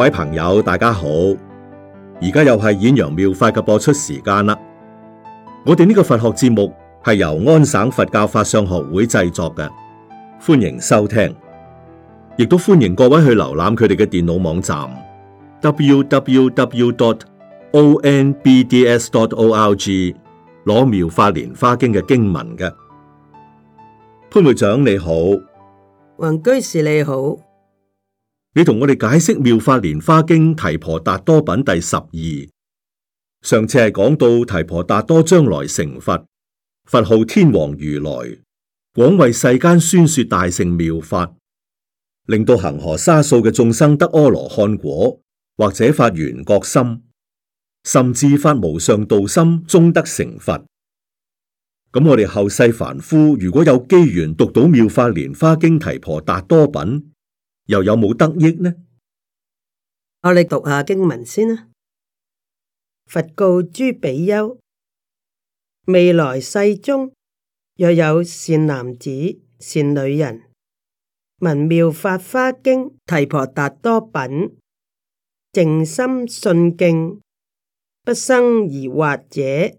各位朋友，大家好！而家又係《演揚妙法》嘅播出時間啦。我哋呢個佛學節目係由安省佛教法相學會製作嘅，歡迎收聽，亦都歡迎各位去瀏覽佢哋嘅電腦網站 www.onbds.org 攞《妙法蓮花經》嘅經文嘅。潘會長你好，黃居士你好。你同我哋解釋《妙法蓮花經》提婆達多品第十二，上次係講到提婆達多將來成佛，佛號天王如來，廣為世間宣說大乘妙法，令到恒河沙數嘅眾生得阿羅漢果，或者發緣覺心，甚至發無上道心，終得成佛。咁我哋後世凡夫如果有機緣讀到《妙法蓮花經》提婆達多品。又有冇得益呢？我哋讀下經文先啦。佛告諸比丘：未來世中，若有善男子、善女人，聞妙法花經提婆達多品，淨心信敬，不生疑惑者，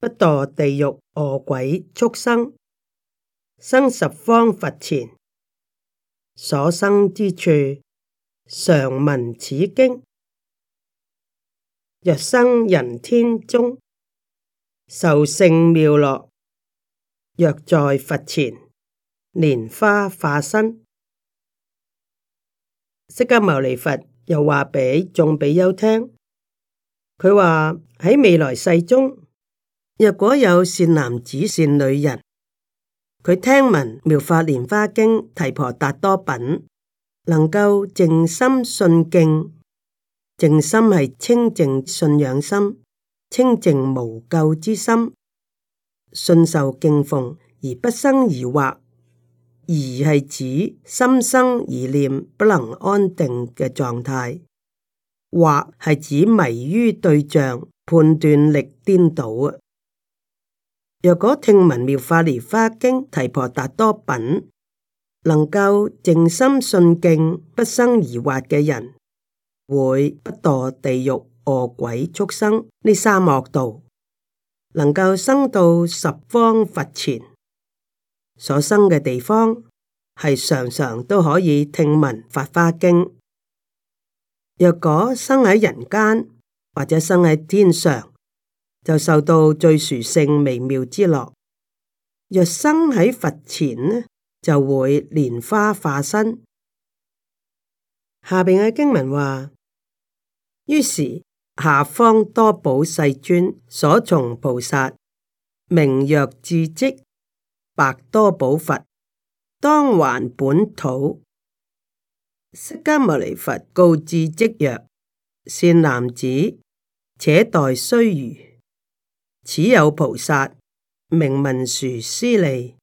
不墮地獄、餓鬼、畜生，生十方佛前。所生之處，常聞此經；若生人天中，受勝妙樂；若在佛前，蓮花化身。釋迦牟尼佛又話畀眾比丘聽，佢話喺未來世中，若果有善男子、善女人。佢聽聞妙法蓮華經提婆達多品，能夠靜心信敬，靜心係清靜信仰心，清靜無垢之心，信受敬奉而不生疑惑。疑係指心生疑念，不能安定嘅狀態；惑係指迷於對象，判斷力顛倒。若果聽聞妙法蓮華經提婆達多品，能夠靜心信敬，不生疑惑嘅人，會不墮地獄、餓鬼、畜生呢三惡道，能夠生到十方佛前，所生嘅地方係常常都可以聽聞法華經。若果生喺人間或者生喺天上。就受到最殊勝微妙之樂。若生喺佛前呢，就會蓮花化身。下邊嘅經文話：於是下方多寶世尊所從菩薩名曰智積，白多寶佛，當還本土。釋迦牟尼佛告智積曰：善男子，且待須臾。此有菩薩名文殊師利，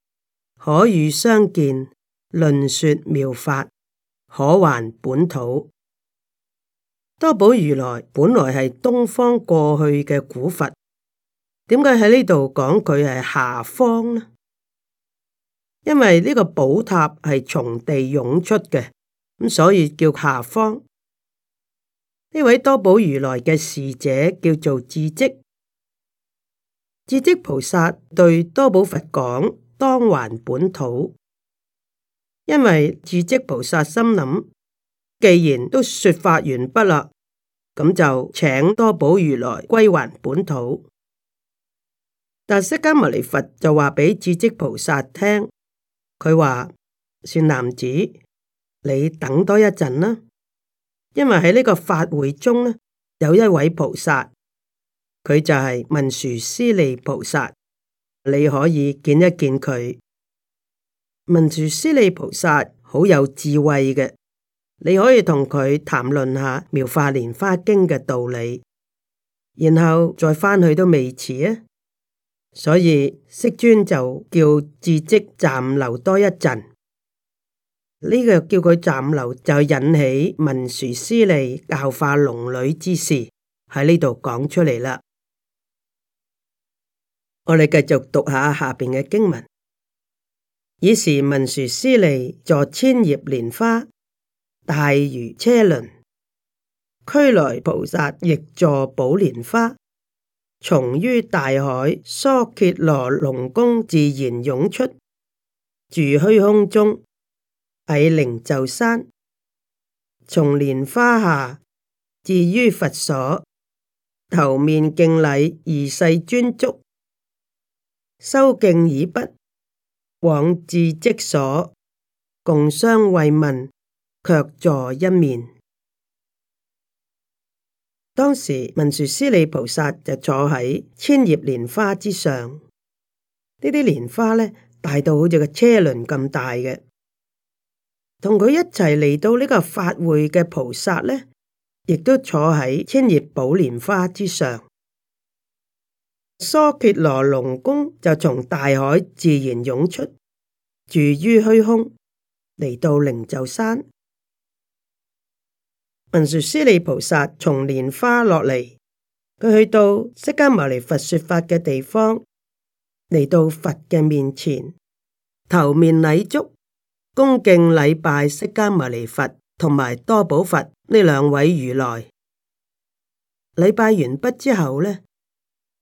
可與相見，論說妙法，可還本土。多寶如來本來係東方過去嘅古佛，點解喺呢度講佢係下方呢？因為呢個寶塔係從地涌出嘅，咁所以叫下方。呢位多寶如來嘅侍者叫做智積。智積菩薩對多寶佛講：當還本土，因為智積菩薩心諗，既然都說法完不落，咁就請多寶如來歸還本土。但釋迦牟尼佛就話畀智積菩薩聽，佢話：善男子，你等多一陣啦，因為喺呢個法會中呢，有一位菩薩。佢就係文殊師利菩薩，你可以見一見佢。文殊師利菩薩好有智慧嘅，你可以同佢談論下《妙法蓮華經》嘅道理，然後再翻去都未遲啊！所以釋尊就叫智積暫留多一陣，呢、這個叫佢暫留就引起文殊師利教化龍女之事喺呢度講出嚟啦。我哋繼續讀下下邊嘅經文。以是文殊師利坐千葉蓮花，大如車輪。俱來菩薩亦坐寶蓮花，從於大海疏竭羅龍宮，自然湧出，住虛空中，矮靈鷲山，從蓮花下至於佛所，頭面敬禮，二世尊足。修敬以筆往至即所共相慰問，卻坐一面。當時文殊師利菩薩就坐喺千葉蓮花之上，呢啲蓮花咧，大到好似個車輪咁大嘅，同佢一齊嚟到呢個法會嘅菩薩咧，亦都坐喺千葉寶蓮花之上。疏羯羅龍宮就從大海自然湧出，住於虛空，嚟到靈鷲山。文殊師利菩薩從蓮花落嚟，佢去到釋迦牟尼佛說法嘅地方，嚟到佛嘅面前，頭面禮足，恭敬禮拜釋迦牟尼佛同埋多寶佛呢兩位如來。禮拜完畢之後呢。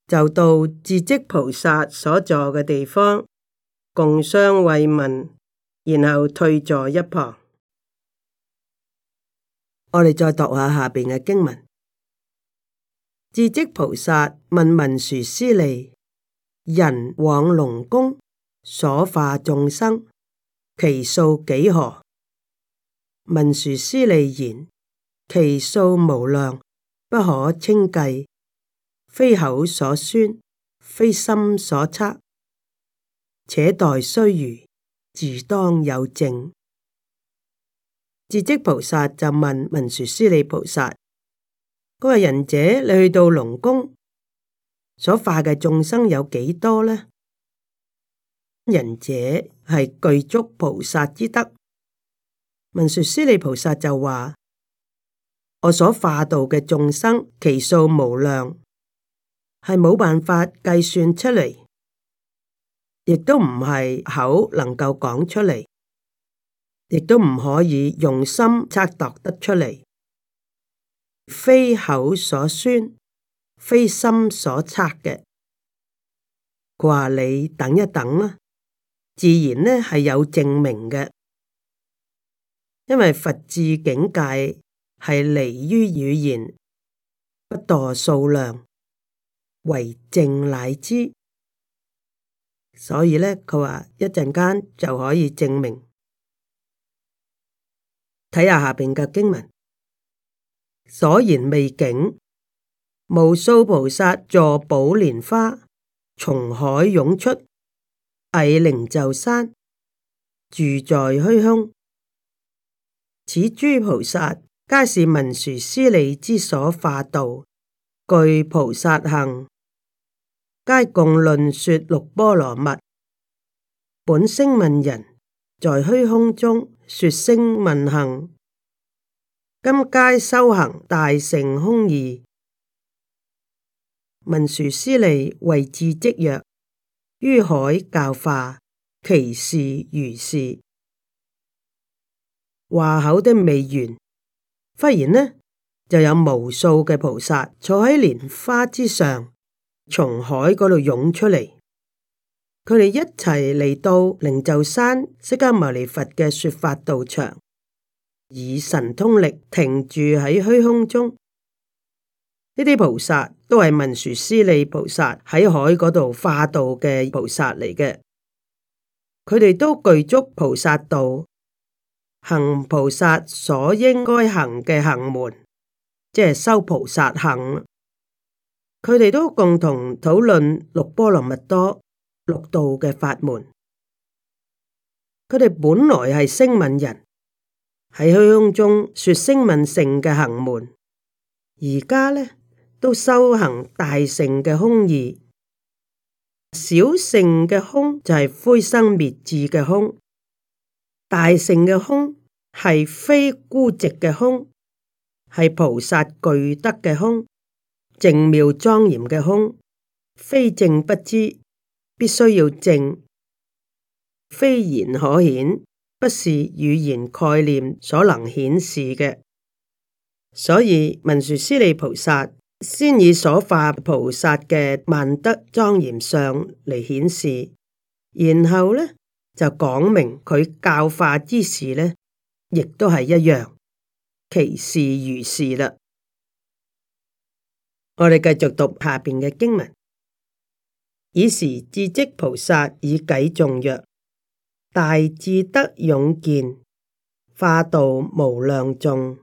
就到智積菩薩所坐嘅地方，共相慰問，然後退坐一旁。我哋再讀下下邊嘅經文。智積菩薩問文殊師利：人往龍宮所化眾生，其數幾何？文殊師利言：其數無量，不可稱計。非口所宣，非心所測，且待須臾，自當有證。智積菩薩就問文殊師利菩薩，佢話仁者，你去到龍宮，所化嘅眾生有幾多呢？」「仁者係具足菩薩之德。文殊師利菩薩就話，我所化度嘅眾生，其數無量。係冇辦法計算出嚟，亦都唔係口能夠講出嚟，亦都唔可以用心測度得出嚟，非口所宣，非心所測嘅。佢話你等一等啦，自然呢係有證明嘅，因為佛智境界係離於語言，不墮數量。為證乃知，所以咧，佢話一陣間就可以證明。睇下下邊嘅經文，所言未竟，無數菩薩坐寶蓮花，從海湧出，詣靈鷲山，住在虛空。此諸菩薩皆是文殊師利之所化度，具菩薩行。皆共論說六波羅蜜，本聲聞人，在虛空中說聲聞行，今皆修行大乘空義，文殊師利謂智積曰於海教化，其事如是。話口的未完，忽然呢，就有無數嘅菩薩坐喺蓮花之上。從海嗰度湧出嚟，佢哋一齊嚟到靈鷲山，釋迦牟尼佛嘅說法道場，以神通力停住喺虛空中。呢啲菩薩都係文殊師利菩薩喺海嗰度化度嘅菩薩嚟嘅，佢哋都具足菩薩道，行菩薩所應該行嘅行門，即係修菩薩行。佢哋都共同討論六波羅蜜多六道嘅法門。佢哋本來係聲聞人，喺虛空中說聲聞乘嘅行門，而家呢，都修行大乘嘅空義。小乘嘅空就係灰身滅智嘅空，大乘嘅空係非孤寂嘅空，係菩薩具德嘅空。靜妙莊嚴嘅空，非靜不知，必須要靜；非言可顯，不是語言概念所能顯示嘅。所以文殊師利菩薩先以所化菩薩嘅萬德莊嚴相嚟顯示，然後呢，就講明佢教化之事呢，亦都係一樣，其事如是啦。我哋繼續讀下邊嘅經文。以時智積菩薩以偈頌曰：大智德勇健，化度無量眾。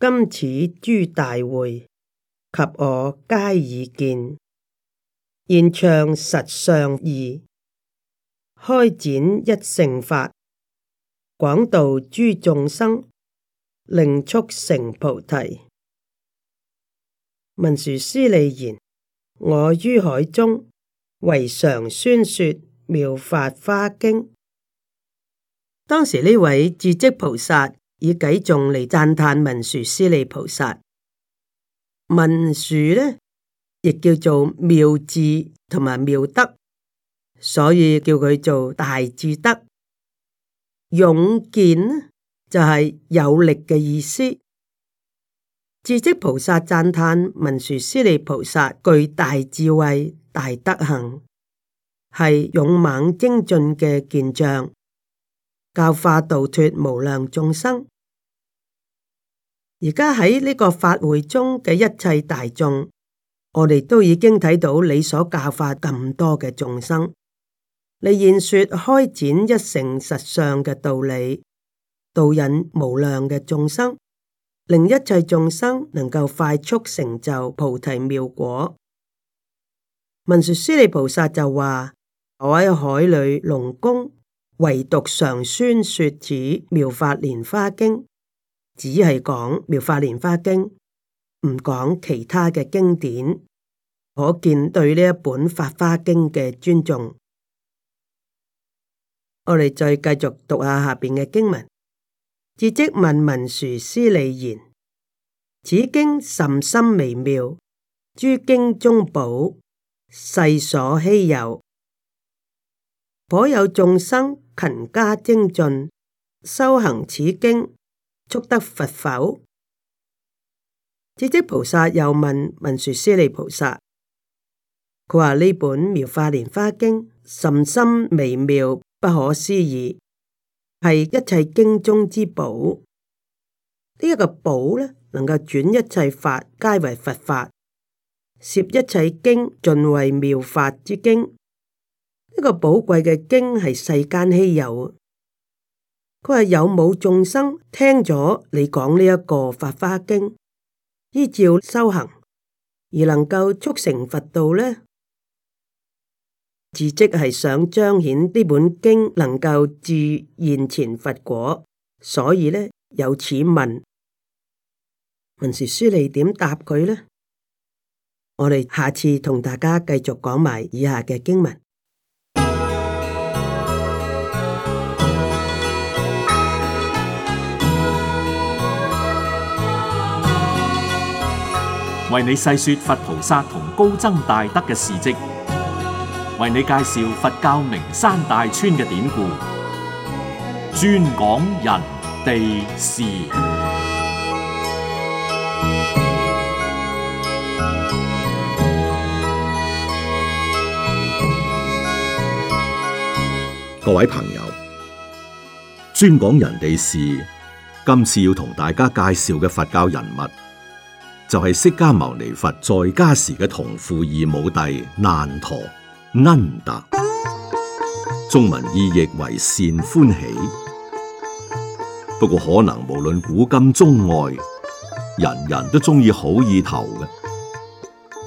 今此諸大會及我皆已見，現唱實相義，開展一乘法，廣度諸眾生，令速成菩提。文殊師利言：我於海中唯常宣說妙法花經。當時呢位智積菩薩以偈頌嚟讚嘆文殊師利菩薩。文殊呢，亦叫做妙智同埋妙德，所以叫佢做大智德。勇健呢，就係有力嘅意思。智積菩薩讚歎文殊師利菩薩具大智慧、大德行，係勇猛精進嘅見象，教化度脫無量眾生。而家喺呢個法會中嘅一切大眾，我哋都已經睇到你所教化咁多嘅眾生，你現說開展一乘實相嘅道理，導引無量嘅眾生。令一切眾生能夠快速成就菩提妙果，文殊師利菩薩就話：我喺海裏龍宮，唯獨常宣說此妙法蓮花經，只係講妙法蓮花經，唔講其他嘅經典。可見對呢一本法花經嘅尊重。我哋再繼續讀下下邊嘅經文。智積問文殊師利言：此經甚深微妙，諸經中寶，世所稀有。頗有眾生勤加精進修行此經，速得佛否？智積菩薩又問文殊師利菩薩：佢話呢本妙法蓮花經甚深微妙，不可思議。係一切經中之寶，呢、這、一個寶咧，能夠轉一切法皆為佛法，攝一切經盡為妙法之經。呢、這個寶貴嘅經係世間稀有，佢係有冇眾生聽咗你講呢一個法花經，依照修行而能夠促成佛道咧？字跡係想彰顯呢本經能夠治現前佛果，所以咧，有此問。文殊師利點答佢咧？我哋下次同大家繼續講埋以下嘅經文，為你細說佛菩薩同高僧大德嘅事跡。為你介紹佛教名山大川嘅典故，專講人哋事。各位朋友，專講人哋事，今次要同大家介紹嘅佛教人物，就係、是、釋迦牟尼佛在家時嘅同父異母弟難陀。Nanda，中文意譯為善歡喜。不過可能無論古今中外，人人都中意好意頭嘅，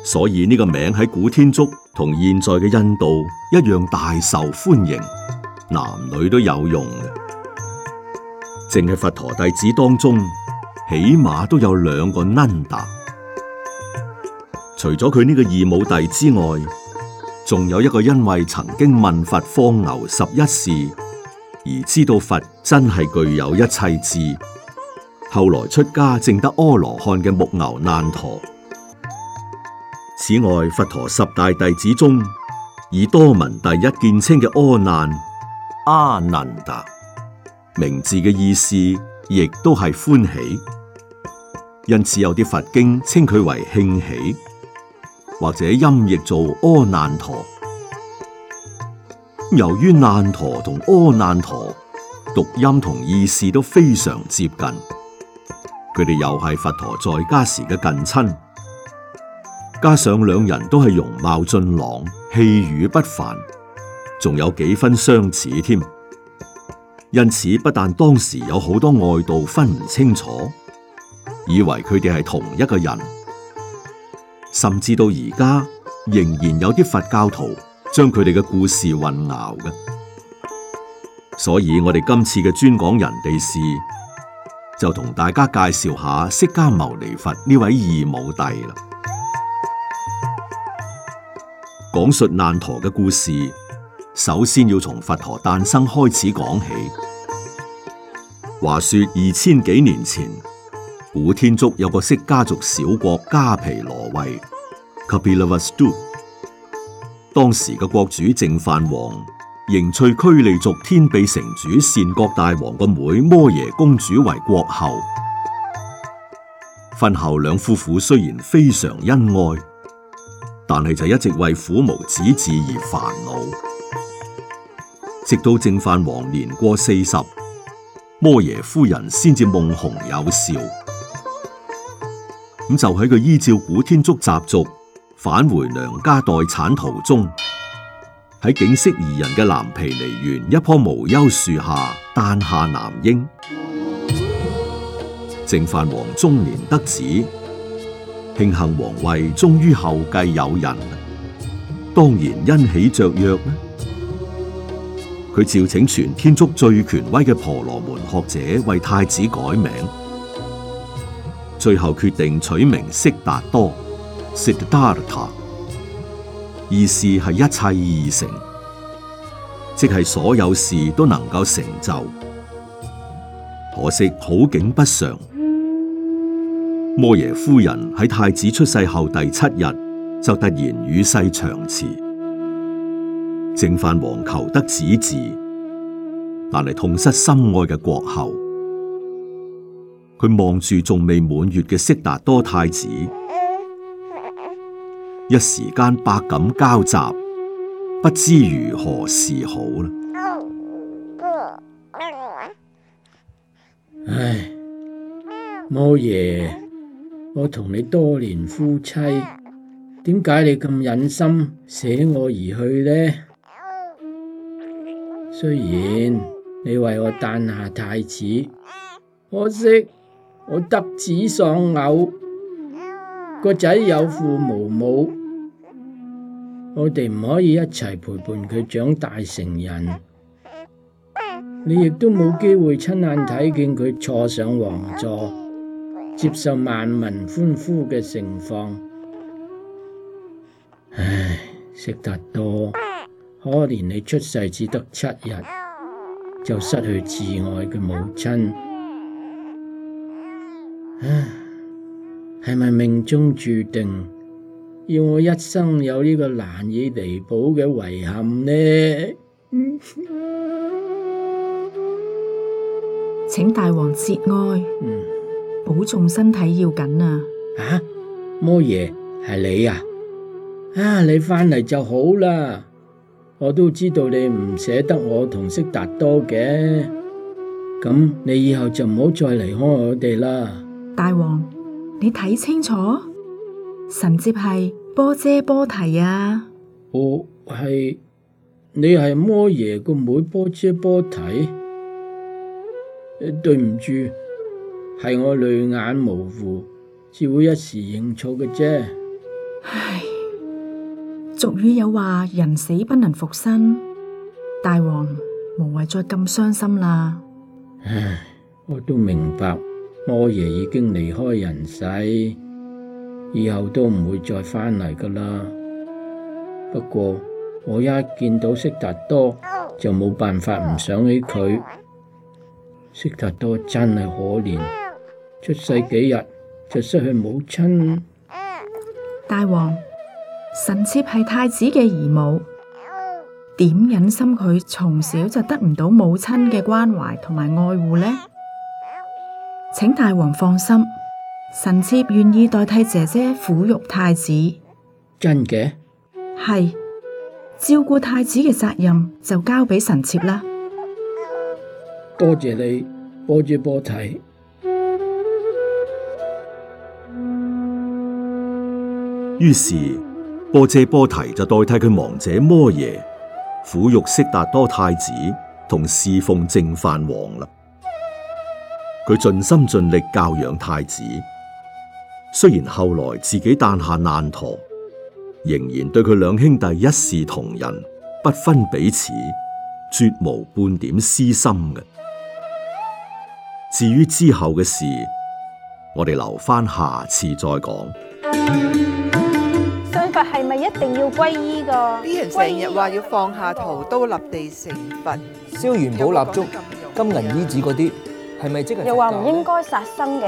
所以呢個名喺古天竺同現在嘅印度一樣大受歡迎，男女都有用嘅。淨係佛陀弟子當中，起碼都有兩個 Nanda。除咗佢呢個異母弟之外，仲有一個因為曾經問佛放牛十一事而知道佛真係具有一切智，後來出家正得阿羅漢嘅木牛難陀。此外，佛陀十大弟子中以多聞第一見稱嘅阿難、阿難達，名字嘅意思亦都係歡喜，因此有啲佛經稱佢為「慶喜」。或者音譯做阿難陀，由於難陀同阿難陀讀音同意思都非常接近，佢哋又係佛陀在家時嘅近親，加上兩人都係容貌俊朗、氣宇不凡，仲有幾分相似添，因此不但當時有好多外道分唔清楚，以為佢哋係同一個人。甚至到而家，仍然有啲佛教徒將佢哋嘅故事混淆嘅。所以我哋今次嘅專講人哋事，就同大家介紹下釋迦牟尼佛呢位異母弟啦。講述難陀嘅故事，首先要從佛陀誕生開始講起。話說二千幾年前。古天竺有個釋迦族小國迦毗羅衛 Kapilavastu，當時嘅國主淨飯王迎娶拘利族天臂城主善國大王個妹妹摩耶公主為國后。婚後兩夫婦雖然非常恩愛，但係就一直為苦無子嗣而煩惱。直到淨飯王年過四十，摩耶夫人先至夢熊有兆。咁就喺佢依照古天竺習俗，返回娘家待產途中，喺景色宜人嘅藍毗尼園一棵無憂樹下誕下男嬰。淨飯王中年得子，慶幸王位終於後繼有人，當然欣喜雀躍。佢召請全天竺最權威嘅婆羅門學者為太子改名。最後決定取名悉達多，悉達多，意思係一切而成，即係所有事都能夠成就。可惜好景不常，摩耶夫人喺太子出世後第七日就突然與世長辭，淨飯王求得子嗣，但係痛失心愛嘅國后。佢望住仲未滿月嘅悉達多太子，一時間百感交集，不知如何是好啦。唉，摩耶，我同你多年夫妻，點解你咁忍心捨我而去呢？雖然你為我誕下太子，可惜。我得子喪偶，個仔有父無母，我哋唔可以一齊陪伴佢長大成人。你亦都冇機會親眼睇見佢坐上王座，接受萬民歡呼嘅情況。唉，識得多，可憐你出世只得七日，就失去至愛嘅母親。唉，係咪命中注定要我一生有呢個難以彌補嘅遺憾呢？請大王節哀，嗯、保重身體要緊啊！啊，摩耶，係你啊！啊，你翻嚟，就好啦。我都知道你唔捨得我同悉達多嘅，咁你以後就唔好再離開我哋啦。大王，你睇清楚，臣妾係波闍波提啊！我係你係摩耶個妹波闍波提，對唔住，係我淚眼模糊，只會一時認錯嘅啫。唉，俗語有話，人死不能復生，大王無謂再咁傷心啦。唉，我都明白。我耶已經離開人世，以後都唔會再返嚟噶啦。不過我一見到悉達多，就冇辦法唔想起佢。悉達多真係可憐，出世幾日就失去母親。大王，臣妾係太子嘅姨母，點忍心佢從小就得唔到母親嘅關懷同埋愛護呢？請大王放心，臣妾願意代替姐姐撫育太子。真嘅，係照顧太子嘅責任就交俾臣妾啦。多謝你，波闍波提。於是波闍波提就代替佢亡姊摩耶撫育悉達多太子，同侍奉淨飯王啦。佢盡心盡力教養太子，雖然後來自己誕下難陀，仍然對佢兩兄弟一視同仁，不分彼此，絕無半點私心嘅。至於之後嘅事，我哋留翻下，下次再講。信佛係咪一定要皈依噶？啲人成日話要放下屠刀醫立地成佛，燒元寶蠟燭、金銀衣紙嗰啲。嗯係咪即又話唔應該殺生嘅，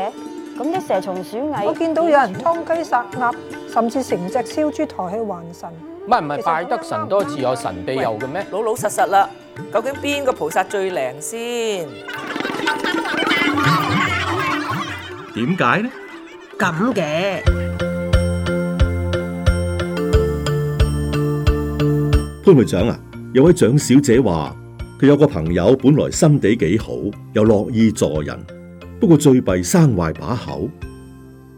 咁啲蛇蟲鼠蟻，我見到有人劏雞殺鴨，甚至成隻燒豬抬去還神。唔係唔係，拜得神多自有神庇佑嘅咩？老老實實啦，究竟邊個菩薩最靈先？點解呢？咁嘅潘會長啊，有位蔣小姐話。佢有個朋友，本來心地幾好，又樂意助人，不過最弊生壞把口，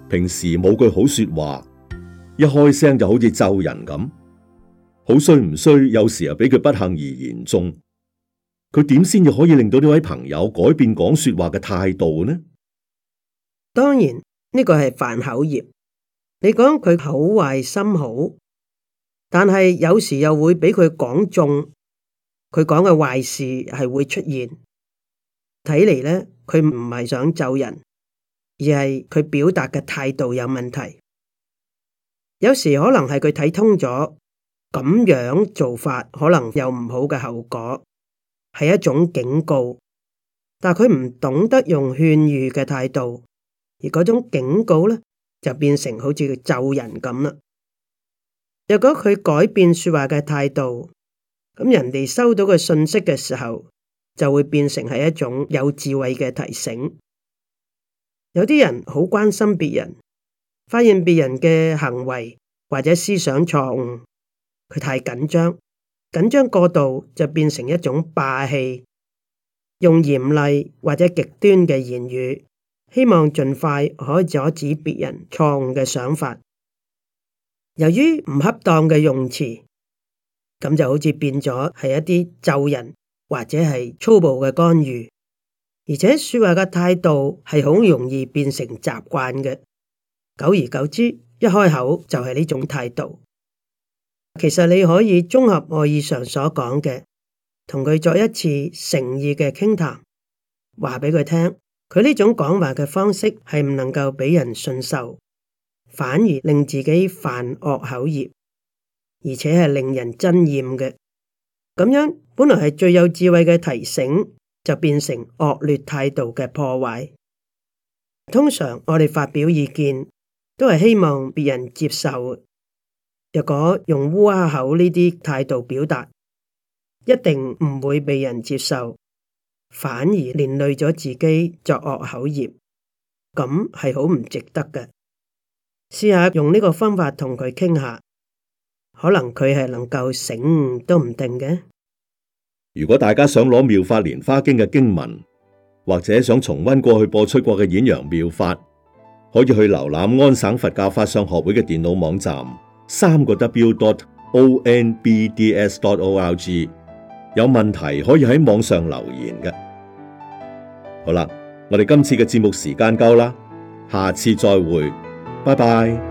平時冇句好說話，一開聲就好似咒人咁，好衰唔衰？有時又俾佢不幸而言中，佢點先至可以令到呢位朋友改變講說話嘅態度呢？當然呢個係犯口業，你講佢口壞心好，但係有時又會俾佢講中。佢講嘅壞事係會出現，睇嚟呢，佢唔係想咒人，而係佢表達嘅態度有問題。有時可能係佢睇通咗，咁樣做法可能有唔好嘅後果，係一種警告。但係佢唔懂得用勸喻嘅態度，而嗰種警告呢，就變成好似咒人咁啦。如果佢改變說話嘅態度，咁人哋收到嘅信息嘅時候，就會變成係一種有智慧嘅提醒。有啲人好關心別人，發現別人嘅行為或者思想錯誤，佢太緊張，緊張過度就變成一種霸氣，用嚴厲或者極端嘅言語，希望盡快可以阻止別人錯誤嘅想法。由於唔恰當嘅用詞，咁就好似變咗係一啲咒人或者係粗暴嘅干預，而且說話嘅態度係好容易變成習慣嘅，久而久之一開口就係呢種態度。其實你可以綜合我以上所講嘅，同佢作一次誠意嘅傾談，話俾佢聽，佢呢種講話嘅方式係唔能夠俾人信受，反而令自己犯惡口業。而且係令人憎厭嘅，咁樣本來係最有智慧嘅提醒，就變成惡劣態度嘅破壞。通常我哋發表意見，都係希望別人接受。若果用烏鴉口呢啲態度表達，一定唔會被人接受，反而連累咗自己作惡口業，咁係好唔值得嘅。試下用呢個方法同佢傾下。可能佢係能夠醒都唔定嘅。如果大家想攞《妙法蓮花經》嘅經文，或者想重溫過去播出過嘅演揚妙法，可以去瀏覽安省佛教法相學會嘅電腦網站，三個 w dot o n b d s dot o r g。有問題可以喺網上留言嘅。好啦，我哋今次嘅節目時間夠啦，下次再會，拜拜。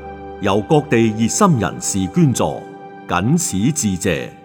由各地熱心人士捐助，謹此致謝。